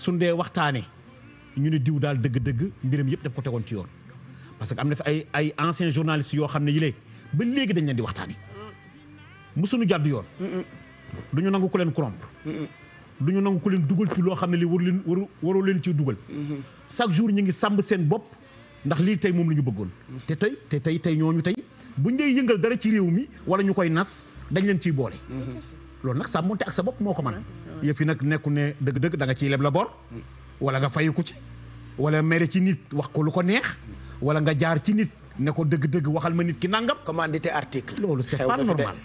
suñ dee waxtaanee ñu ne diw daal dëgg-dëgg mbiram yëpp def ko tegoon ci yoon parce que am na fi ay ay anciens journalistes yoo xam ne yile ba léegi dañ leen di waxtaanee mosuñu jàdd yoon. du ñu nangu ku leen corrompre. du ñu nangu ku leen dugal ci loo xam ne li waru leen waru waroo leen ciy dugal. chaque jour ñu ngi sàmb seen bopp ndax lii tey moom la ñu bëggoon. te tey te tey tey ñooñu tey bu buñ dee yëngal dara ci réew mi wala ñu koy nas dañ leen ciy boole. loolu nag sàmmonte ak sa bopp moo ko mën yëf yi nag nekku ne dëgg-dëgg danga nga ciy leb la bor wala nga fayu ko ci wala mere ci nit wax ko lu ko neex wala nga jaar ci nit ne ko dëgg-dëgg waxal ma nit ki nangam. commandité article. loolu c'est pas normal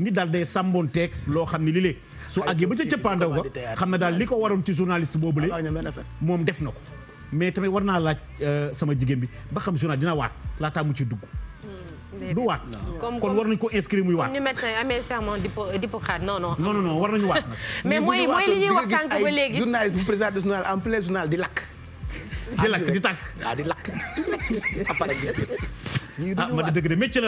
nit daal day sàmboonteeg loo xam ne li lii su àggee ba ca cëppaandaw ga xam na daal li ko waroon ci journaliste boobule ah, moom def na ko mais tamit war naa laaj euh, sama jigéen bi ba xam journal dina waat laataa mu ci dugg du waat kon war nañ ko inscrire muy waat comme ni médecin amee serment d'Hippocrate non non. non non war nañu waat nag. mais mooy mooy li ñuy wax sànq ba léegi journaliste bu président du journal en plein journal di lakk. di lakk di tàkk ah di lakk appareil bi. ah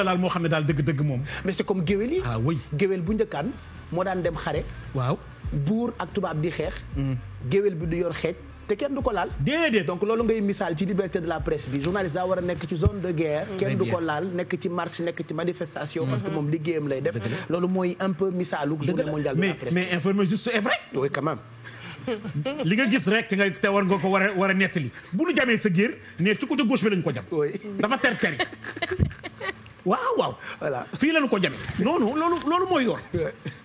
man moo xam ne daal dëgg-dëgg moom. mais c'est comme géwél yi. Ah, géwél bu njëkkaan moo daan dem xare. waaw buur ak tubaab di xeex. Mm. géwél bi du yor xeej. te kenn du ko laal déedéet donc loolu ngay misaal ci liberté de la presse a nekk ci zone de guerre kenn du ko laal nekk ci marche nekk ci manifestation parce que mhm. moom loolu mooy un peu misaalu journée mondiale de la presse li nga gis rek te nga te war nga ko war a war a nettali bu nu jamee sa géer ne ci côté gauche bi lañ ko jam dafa ter ter waaw waaw. voilà fii lañu ko jame non non loolu loolu mooy yoon.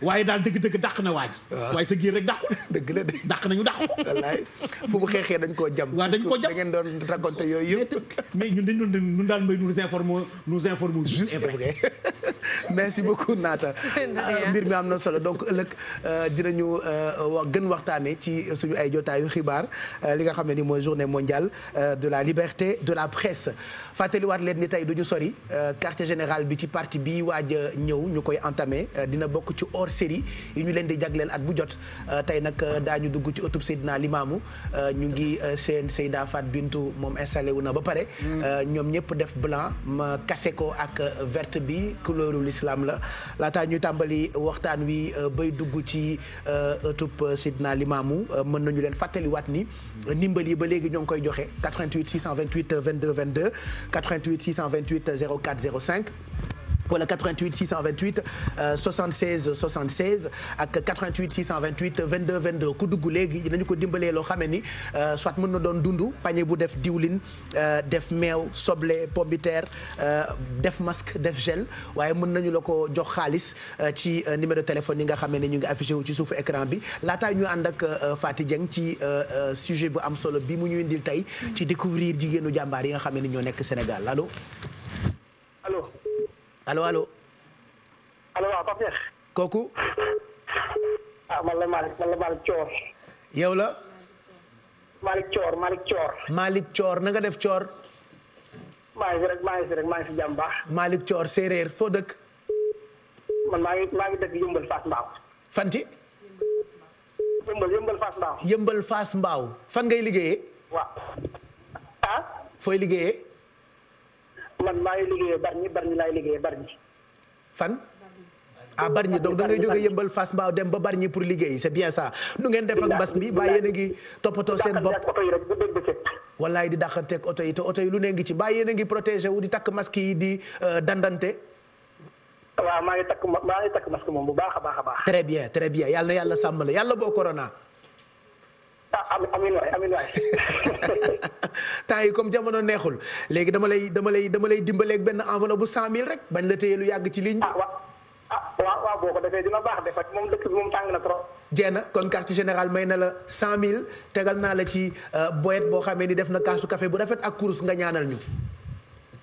waaye daal dëgg-dëgg dàq na waaj. waaye sa giir rek dàqul. dëgg la dëgg dàq nañu dàq ko. xeexee dañ koo jam. waaw dañ koo jam da ngeen doon yooyu yëpp. mais ñun dañ doon ñun daal mbay nous informons nous informons juste et vrai merci beaucoup Naata mbir mi am na solo donc ëllëg euh, dinañu euh, gën waxtaane ci suñu ay jotaayu xibaar euh, li nga xam ne ni mooy journée mondiale de la liberté de la presse fàttaliwaat leen ni tey duñu sori quartier général bi ci parti bi waaj ñëw ñu koy entamé dina bokk ci hors série yi ñu leen di jagleel at bu jot tey nag daañu dugg ci ëttub Seydina Limaamu ñu ngi seen Seyda Fat Bintu moom installé wu na ba pare mm. ñoom ñëpp def blanc ma kase ak verte bi xallu lislaam la laataa ñuy tàmbali waxtaan wi euh, bay dugg ci euh, ëttub euh, Sidna Limaamu mën nañu leen fàttaliwaat ni ndimbal yi ba léegi ñoo ngi koy joxe vingt 88 628 22 22 88 628 04 05 wala 88 628 76 76 ak 88 628 22 22 ku dugg léegi dinañu ko dimbalee loo xamee ni euh, soit mën na doon dund panier bu def diwlin euh, def meew soble pombiteer euh, def masque def gel waaye mën nañu la ko jox xaalis ci numéro téléphone yi nga xamee ni ñu ngi affiché wu ci suufu écran bi laataa ñu ànd ak Fati Dieng ci sujet bu am solo bi mu ñu indil tey ci découvrir jigéenu jàmbaar yi nga xamee ni ñoo nekk Sénégal allo. allo allo. allo waaw Pape Cheikh. kooku. ah man la Malick man la Malick Thior. yow la. Malick Thior Malick Thior. Malick Thior na nga def Thior. maa ngi fi rek maa ngi fi rek maa ngi fi jàmm baax. Malick Thior séeréer foo dëkk. man maa ngi maa ngi dëkk Yëmbal Fass Mbaaw. fanti. Yëmbal Yëmbal Fass Mbaaw. Yëmbal Fass Mbaaw fan ngay liggéeyee. waaw ah. fooy liggéeyee. man maa ngi liggéeyee Bargny laay liggéeyee Bargny. fan. ah Bargny doog da ngay jóge yëmbal Fass mbaa dem ba Bargny pour liggéey c'est bien saa nu ngeen def ak mbas mi baa yéen a ngi toppatoo seen bopp wallaay di dàqanteeg oto yi te oto yi lu ne ngi ci baa yéen ngi protégé wu di takk masque yi di euh, dandante waaw maa ngi takk maa ngi moom bu baax a baax a baax très bien très bien yàlla yàlla sàmm yàlla boo corona ah, temps yi comme jamono neexul léegi dama lay dama lay dimbaleek benn enveloppe bu cent mille rek bañ la téye lu yàgg ci ligne bi. Ah, ah waaw waaw ko defee dina baax de faj moom dëkk bi moom tàng na trop. jeena kon quartier général may na la cent mille tegal naa la ci euh, boyet boo xamee ni def na kaasu café bu rafet ak kurus nga ñaanal ñu.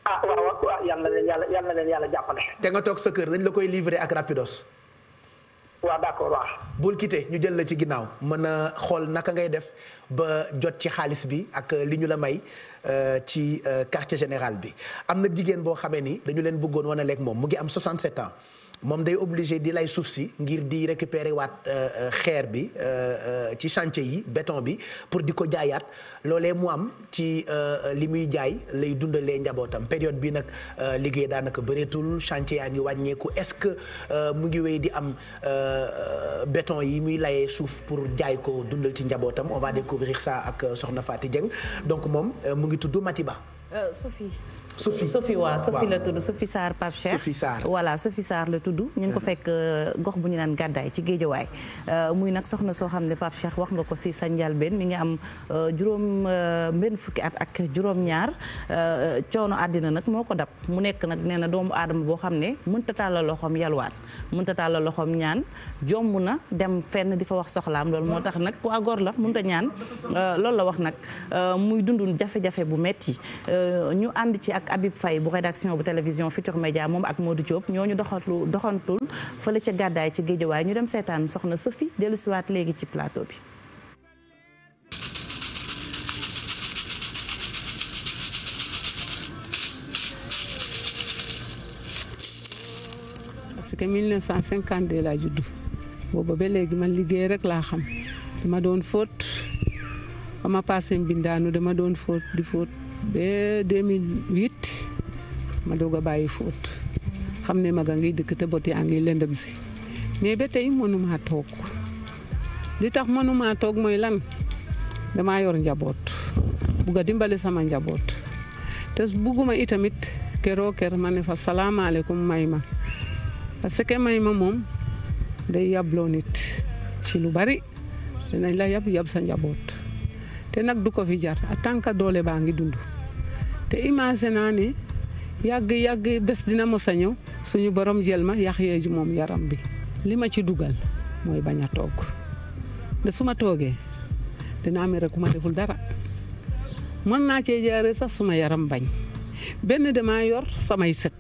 ah waaw waaw yal na leen yàlla leen yàlla jàppale. te nga toog sa kër dañ la koy livrer ak rapidos. waaw d'accord waaw. bul quitté ñu jël la ci ginnaaw mën a xool naka ngay def ba jot ci xaalis bi ak li ñu la may euh, ci euh, quartier général bi am na jigéen boo xamee ni dañu leen bëggoon wane leeg moom mu ngi am 67 ans. moom day obligé di lay suuf si ngir di récupérer waat euh, euh, xeer bi euh, ci chantier yi béton bi pour di ko jaayaat loole mu am ci li muy jaay lay dundalee njabootam période bi nag liggéey daanaka bëreetul chantier yaa ngi wàññeeku est-ce que mu ngi wéy di am béton yi muy layee suuf pour jaay ko dundal ci njabootam on va découvrir ça ak soxna Fatou Dieng donc moom mu ngi tudd mati ba Euh, Sophie. Sophie Sophie waaw Sophie la tudd Sophie Sarr Pape Cheikh. Sophie Sarr voilà Sophie Sarr la tudd. ñun ko mhm. fekk euh, gox bu ñu naan gàddaay ci géejawaay. Euh, muy nag soxna soo xam ne Pape Cheikh wax nga ko si sa njalbeen mi ngi am juróom mbenn fukki at ak juróom ñaar coono àddina nag moo ko dab mu nekk nag nee na doomu aadama boo xam ne mënta tàllal loxoom yalwaat mënta tàllal loxoom ñaan jomb na dem fenn di fa wax soxlaam loolu moo tax nag waa góor la mënta ñaan loolu la wax nag muy dundun jafe bu metti ñu ànd ci ak Habib Faye bu rédaction bu télévision Futur Média moom ak Modou Diop ñoo ñu doxantu doxantul fële ca gàddaay ci géejawaay ñu dem seetaan soxna Sophie dellusiwaat léegi ci plateau bi. parce que 1952 laa judd booba ba léegi man liggéey rek laa xam dama doon fóot ba ma paasee mbindaanu dama doon fóot di fóot. ba 2008 ma doog a bàyyi fóot xam ne mag a ngi dëkk te bot yaa ngi lëndëm si mais ba tey mënumaa toog li tax mënumaa toog mooy lan damaa yor njaboot bugg a dimbale sama njaboot te bugguma itamit keroo ker ma ne fa salaamaaleykum may ma parce que may ma moom day yabloo nit ci lu bari dinañ la yab yab sa njaboot te nag du ko fi jar tant que doole baa ngi dund te imagine naa ne yàgg yàgg bés dina mos a ñëw suñu borom jël ma yàq yeeju moom yaram bi li ma ci dugal mooy bañ a toog te su ma toogee dinaa mere ku ma deful dara mën naa cee jaaree sax suma yaram bañ benn damaa yor samay set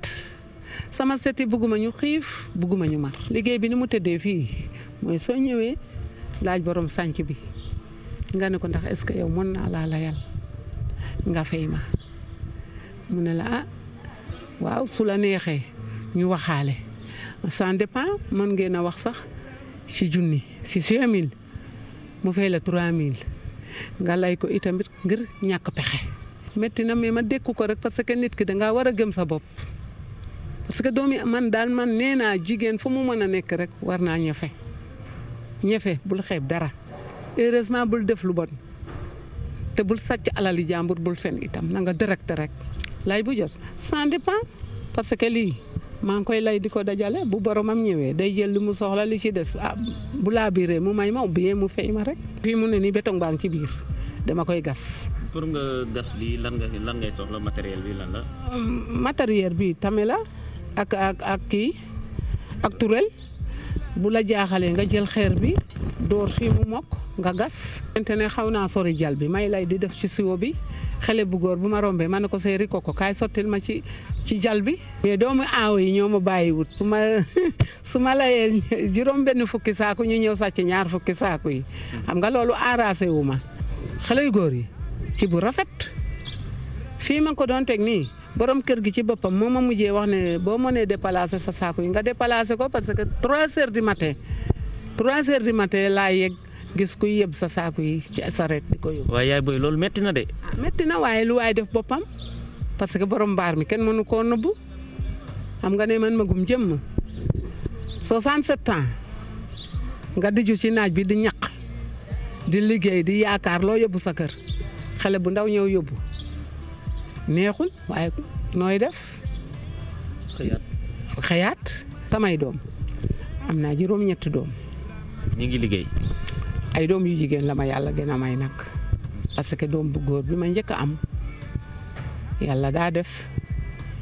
sama sët yi bugguma ñu xiif bugguma ñu mar liggéey bi ni mu tëddee fii mooy soo ñëwee laaj borom sànc bi nga ne ko ndax est-ce que yow mën naa laa layal nga fay ma mu ne la ah waaw su la neexee ñu waxaale ça dépend mën ngeen a wax sax ci junni si cinq mille mu fay la trois mille nga lay ko itamit ngir ñàkk pexe. metti na mais ma dékk ko rek parce que nit ki da nga war a gëm sa bopp parce que doomi man daal man nee naa jigéen fu mu mën a nekk rek war naa ñafe ñefe bul xeeb dara. heureusement bul def lu bon te bul sàcc alali jàmbur bul fen itam nanga nga direct rek lay bu jot sans dépend parce que lii maa ngi koy lay di ko dajale bu boromam ñëwee day jël li mu soxla li ci des ah bu laa biiree mu may ma bien mu fay ma rek. fii mu ne nii béton baa ngi ci biir dama koy gas. pour nga gas lii lan ngay soxla matériel bi lan la. matériel ak ak kii ak turel bu la jaaxalee nga jël xeer bi dóor fii mokk. nga gas. xamante ne xaw naa sori jal bi may lay di def ci siwo bi xale bu bu ma rombee ma ne ko say rikoko kaay sottil ma ci ci jal bi. mais doomu aaw yi ñoo ma bàyyiwut bu ma su ma layee juróom benn fukki saaku ñu ñëw sàcc ñaar fukki saaku yi xam nga loolu arrasé wu ma xale yu góor yi ci bu rafet fii ma ko doon teg nii. borom kër gi ci boppam moo ma mujjee wax ne boo mënee déplacé sa saako yi nga déplacé ko parce que trois heures du matin trois heures du matin laa yegg gis kuy yëb sa saako yi ci sareet di ko yóbbu. waaye yaay booy loolu metti na de. Ah, métti na waaye lu waaye def boppam parce que borom mbaar mi kenn mënu koo nëbbu xam nga ne man magum jëmm 67 ans nga diju ci naaj bi di ñaq di liggéey di yaakaar loo yóbbu sa kër xale bu ndaw ñëw yóbbu neexul nooy def. xëyaat samay doom am naa juróom-ñetti doom. ñu ngi liggéey. ay doom yu jigéen la ma yàlla gën a may nag parce que doom bu góor bi ma njëkk am yàlla daa def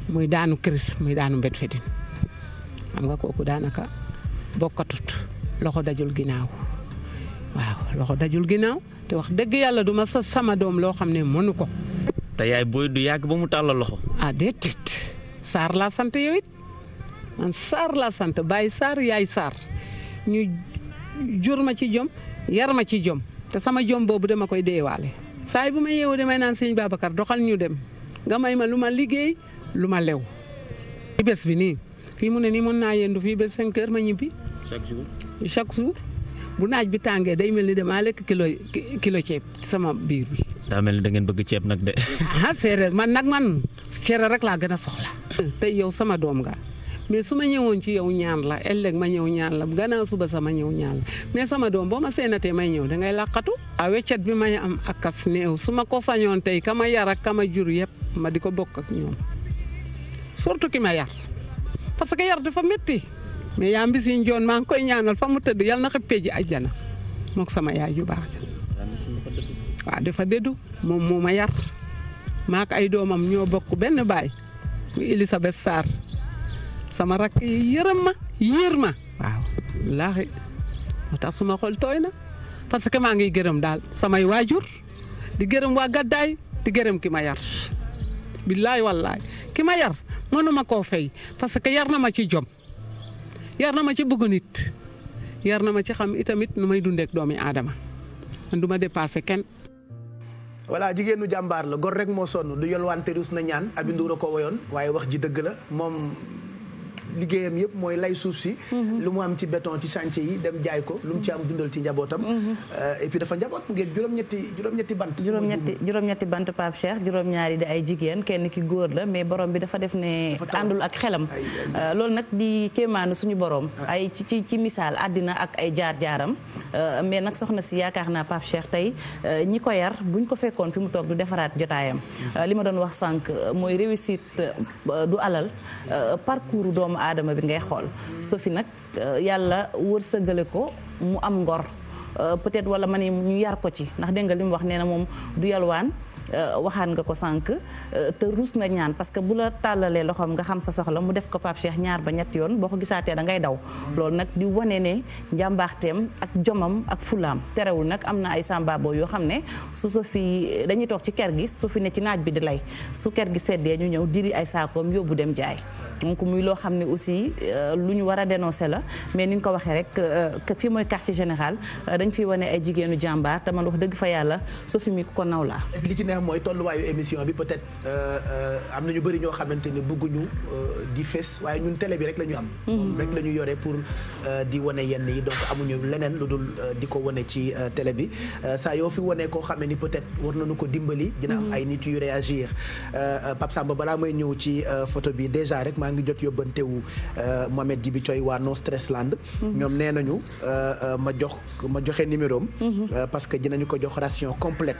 muy daanu kiris muy daanu mbet fedin xam nga kooku daanaka bokkatut loxo dajul ginnaaw waaw loxo dajul ginnaaw te wax dëgg yàlla duma sa sama doom loo xam ne mënu ko. te yaay booy du yàgg ba mu tàllal loxo. ah déedéet Sarr laa sant yow it man laa sant Baye Sarr yaay Sarr ñu jur ma ci jom. yar ma ci jom te sama jom boobu dama koy deewaale saay bu ma yeewoo may naan sëñ Babacar doxal ñu dem nga may ma lu ma liggéey lu ma lew. ci bés bi nii fii mu ne nii mën naa yendu fii ba 5 heures ma ñibbi. chaque jour chaque jour bu naaj bi tàngee day mel ni damaa lekk kilo kilo ceeb sama biir bi. daa mel ni da ngeen bëgg ceeb nag de. ah séeréer man nag man séeréer rek laa gën a soxla. te yow sama doom nga. mais su ma ñëwoon ci yow ñaan la ëllëg ma ñëw ñaan la gannaaw suba sama ñëw ñaan la mais sama doom boo ma seenatee may ñëw dangay làqatu a ah, weccet bi ma am ak kas néew su ma ko sañoon tey kama yar ak kama jur yëpp ma di ko bokk ak ñoom surtout ki ma yar parce que yar dafa metti mais yaa mbisi njoon maa ngi koy ñaanal fa mu tëdd yal na xëppee ji àjjana mook sama yaay ju baax ja waaw dafa déddu moom moo ma yar maak ay doomam ñoo bokk benn baay mu Elisabeth Sarr sama rakk yi yërëm ma yër ma waaw wallaahi moo tax suma xol tooy na parce que maa ngiy gërëm daal samay waajur di gërëm waa gàddaay di gërëm ki ma yar billaay wallaay ki ma yar mënuma koo fay parce que yar na ma ci jom yar na ma ci bugg nit yar na ma ci xam itamit nu may dundeek doomi aadama man du ma dépassé kenn voilà jigéenu jàmbaar la gor rek moo sonn du yolwaan terus na ñaan abinduura ko woyoon waaye wax ji dëgg la moom liggéeyam yëpp mooy lay suuf si mhm. lu mu am ci béton ci chantier yi dem jaay ko lu mu ci am dundal ci njabootam mhm. euh, et dafa njaboot mu ngeeg juróom-ñetti juróom-ñetti bant juróom juróom-ñetti bant Pape Cheikh juróom-ñaari di ay jigéen kenn ki góor la mais boroom bi dafa def ne àndul ak xelam euh, loolu nag di kéemaanu suñu boroom ah. ay ci ci ci misaal àddina ak ay jaar-jaaram euh, mais nag soxna si yaakaar naa Pape Cheikh tey ñi ko yar buñ ko fekkoon fi mu toog du defaraat jotaayam mm. li ma doon wax sànq mooy réussite du aadama bi ngay xool Sophie nag euh, yàlla wërsëgale ko mu am ngor euh, peut-être wala ma ne ñu yar ko ci ndax dégg nga li mu wax nee na moom du yalwaan Euh, waxaat nga ko sànq euh, te ruus nga ñaan parce que bu la tàllalee loxoom nga xam sa soxla mu def ko Pape Cheikh ñaar ba ñett yoon boo ko gisaatee da ngay daw loolu nag di wane ne njàmbaarteem ak jomam ak fulaam terewul nag am na ay sambabo yoo xam ne su so fi dañuy toog ci ker gi su fi ne ci naaj bi di lay su ker gi seddee ñu ñëw diri ay saakoom yóbbu dem jaay donc muy loo xam ne aussi euh, lu ñu war a dénoncer la mais ni nga ko waxee rek que fii mooy quartier général dañ fi wane ay jigéenu jàmbaar te man wax dëgg fa yàlla su fi neex mooy tolluwaayu émission bi peut-être euh, euh, am na ñu bëri ñoo xamante ne bëgguñu euh, di fés waaye ñun télé bi rek la ñu am. loolu mhm. rek la ñu yore pour di wane yenn yi donc amuñu leneen lu dul di ko wane ci télé bi saa yoo fi wane koo xamee ni peut-être war nañu ko dimbali. dina am mhm. ay nit yu réagir Pape balaa may ñëw ci photo bi déjà rek maa ngi jot yóbbante wu Mohamed Djibi Coy waa No Stress Land. Mhm. ñoom nee nañu ma jox ma joxe numéro parce que dinañu ko jox ration complète.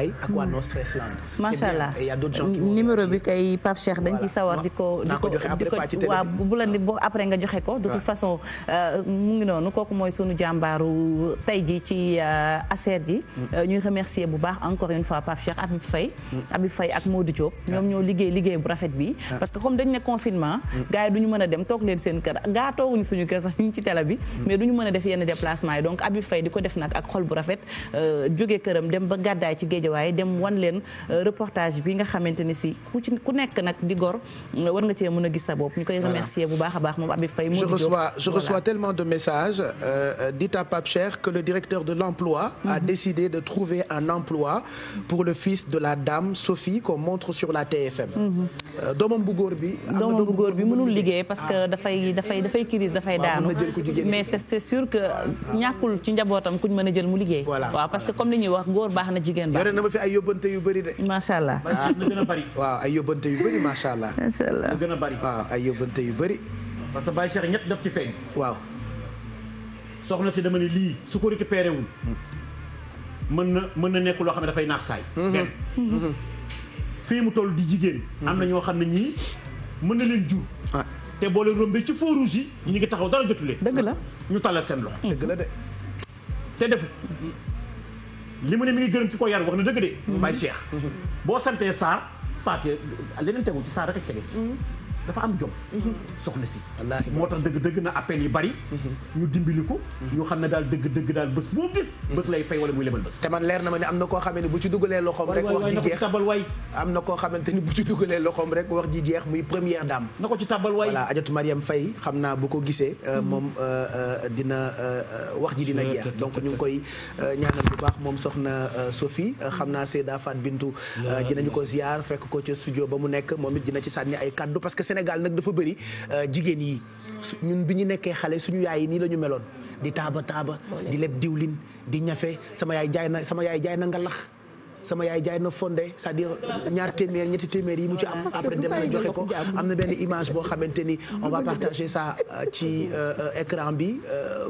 Ndiaye ak waa No Stress Land. macha allah y' a d' autres gens qui numéro bi kay Pape Cheikh dañ ci sawar di ko. di ko di ko waaw bu la boo après nga joxe ko. de toute façon euh, mu ngi noonu kooku mooy sunu jàmbaaru tey ji ci euh, ASER ji. Mm. Euh, ñuy remercier bu baax encore une fois Pape Cheikh Habib Faye. Mm. Habib Faye ak Modou Diop. Ah. ñoom ñoo liggéey liggéey bu rafet bi. Ah. parce que comme dañ ne confinement. Mm. gars yi du ñu mën a dem toog leen seen kër gaa tooguñu suñu kër sax ñu ngi ci télé bi. mais du ñu mën a def yenn déplacement yi donc Habib Faye di ko def nag ak xol bu rafet jóge këram dem ba gàddaay ci géej géejawaay dem wan leen euh, reportage bi nga xamante ni si ku ci ku nekk nag di gor euh, war nga cee mën a gis sa bopp ñu koy remercier bu baax a baax moom Habib Faye je de messages euh, dites à Pape Cheikh le directeur de l'emploi a mhm. décidé de trouver un emploi pour le fils de la dame Sophie qu'on montre sur la TFM mhm. doomam bu góor bi doomam bu bi mënul liggéey parce que ah. dafay dafay dafay crise dafay daanu mais c'est sûr que ñàkkul ci njabootam kuñ mën a jël mu liggéey waaw parce que comme li wax góor baax na jigéen baax na ma fi ay yóbbante yu bëri de. macha allah waaw ay yóbbante yu bëri macha allah. macha allah gën a bëri. waaw ay yóbbante yu bëri. parce que Baye Cheikh ñett daf ci feeñ. waaw. soxna si dama ne lii su ko récupéré wul. Hmm. mën na mën na nekk loo xam ne dafay naax saay. Hmm. Hmm. fii mu toll di jigéen. am na ñoo xam ne ñii mën na leen jur. Ah. te boo leen rombee ci feu yi. ñu ngi taxaw dara jotu leen. dëgg la ñu tallal seen loxo. dëgg la de. te def li mu ne mi ngi gërëm ki ko yar wax na dëgg de. Baye Cheikh boo santee Sarr Fatia leneen tegu ci Sarr rek a ci tege. Mm-hmm. dafa am jom mhm. soxna si moo tax dëgg dëgg na appel yi bari mhm. ñu dimbali ko mhm. ñu xam ne daal dëgg dëgg daal bés boo gis bés lay fay wala muy lebal bés te man leer na ma ne am na koo xamante ni bu ci dugalee loxoom rek wax ji jeex tabal waay am na koo xamante ni bu ci dugalee loxoom rek wax ji jeex muy première dame na ko ci tabal waay voilà Adjatou Mariam Faye xam naa bu ko gisee euh, moom euh, euh, dina wax ji dina jeex donc ñu ngi koy ñaanal bu baax moom soxna Sophie xam naa Seyda Fat Bintou dinañu ko ziar fekk ko ci studio ba mu nekk moom it dina ci sànni Sénégal nag dafa bëri euh, jigéen yi ñun bi ñu nekkee xale suñu yaay yi nii la ñu meloon di taaba taaba di leb diwlin di ñafe sama yaay jaay na sama yaay jaay na ngalax sama yaay jaay na fonde sa à ñaar téeméer ñetti téeméer yi mu ci am après dem na joxe ko am na benn image boo xamante ni on va partager ça euh, ci euh, écran bi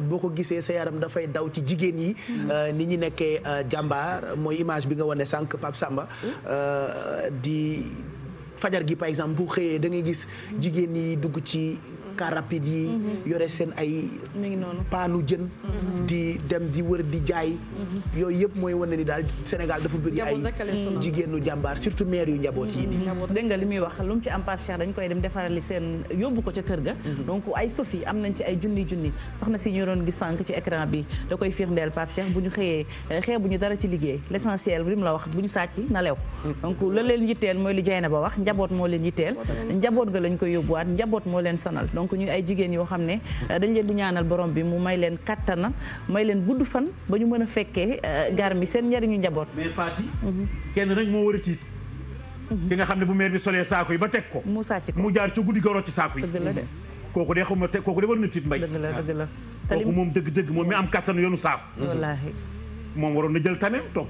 boo ko gisee sa yaram dafay daw ci jigéen yi mm-hmm. ni ñi nekkee jàmbaar mooy image bi nga wane sànq Pape Samba mm-hmm. di fajar gi par exemple bu xëyee da ngay gis jigéen ñi dugg ci car rapide yi mhm. yore seen ay paanu jën mhm. di dem di wër di jaay mhm. yooyu yëpp mooy wane ni daal Sénégal dafa bëri ay jigéenu jàmbaar surtout maire yu njaboot yi dégg nga li muy wax lu mu ci am Pape dañ koy dem defarali seen yóbbu ko ca kër ga donc ay sofi am nañ ci ay junni junni soxna si ñu doon gis sànq ci écran bi da koy firndeel Pape Cheikh bu ñu xëyee eh, xëy bu ñu dara ci liggéey l'essentiel bi mu la wax bu ñu sàcc na lew donc la leen yitteel mooy li Jeyna ba wax njaboot moo leen moo leen sonal donc ñu ay jigéen yoo xam ne euh, dañ leen di ñaanal borom bi mu may leen kattana may leen gudd fan ba ñu mën a fekkee euh, gar mi seen njariñu njaboot mais Fati mhm. kenn rek moo war a tiit mhm. ki nga xam ne bu maire bi solee saako yi ba teg ko mu sàcc ko mu jaar ci guddi goroo ci saako yi dëgg la de kooku de ma te kooku de war na tiit mbay dëgg la ah. dëgg la kooku moom dëgg dëgg moom mi am kattan yoonu saako wallaahi moom waroon na jël tamit